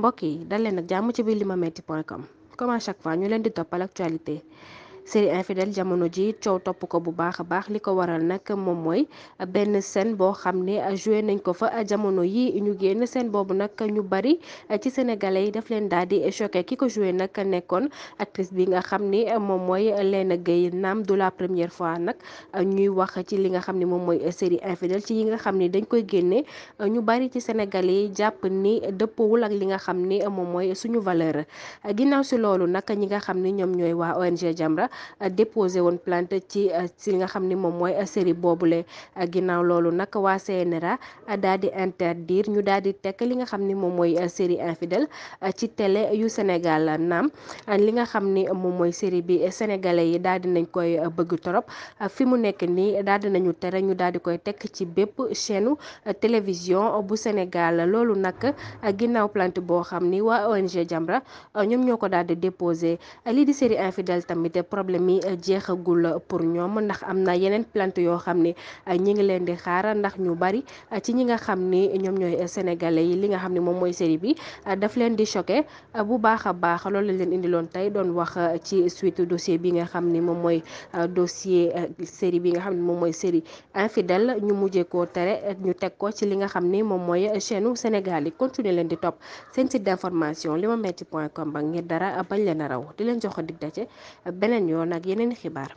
mbokk yi dal leen ak jàmm ci biir limametti point com comme à chaque fois ñu leen di toppal actualité série infidèle jamono ji coow topp ko bu baax a baax li ko waral nag moom mooy benn scène boo xam ne joué nañ ko fa jamono yi ñu génn seen boobu nag ñu bari ci sénégalais yi daf leen daal di choqué ki ko joué nag nekkoon actrice bi nga xam ni moom mooy Léna Gueye naam du la première fois nag ñuy wax ci li nga xam ni moom mooy série infidèle ci yi nga xam ni dañ koy génne ñu bari ci sénégalais yi jàpp ni dëppowul ak li nga xam ni moom mooy suñu valeur ginnaaw si loolu nag ñi nga xam ni ñoom ñooy waa ONG Jamra Euh, déposé woon plainte euh, ci li nga xam ni moom mooy euh, série boobule ginnaaw loolu nag waa CNRA daal di interdire ñu daal di tekk li nga xam ni moom mooy série infidèle ci télé yu Sénégal naam li nga xam ni moom mooy série bi sénégalais yi daal di nañ koy bëgg torop fi mu nekk nii daal di nañu tere ñu daal di koy tekk ci bépp chaîne télévision bu Sénégal loolu nag ginnaaw plainte boo xam ni waa ONG Jamra ñoom ñoo ko daal di lii di série infidèle tamit problème yi eh, jeexagul eh, pour ñoom ndax am na yeneen plainte yoo xam ni eh, ñi ngi leen di xaaral ndax ñu bari ci ñi nga xam ni ñoom ñooy sénégalais yi li nga xam ne moom mooy série bi daf leen di choqué bu baax a baax loolu lañ leen indiloon tey doon wax ci suite dossier bi nga xam ni moom mooy dossier série bi nga xam ne moom mooy série infidèle ñu mujjee koo tere ñu teg ko ci li nga xam ni moom mooy chaîne Sénégal yi continuer leen di topp seen site d'information limametti point com ba ngir dara bañ leen a raw di leen jox dig daje beneen reunión aquí en NGPAR.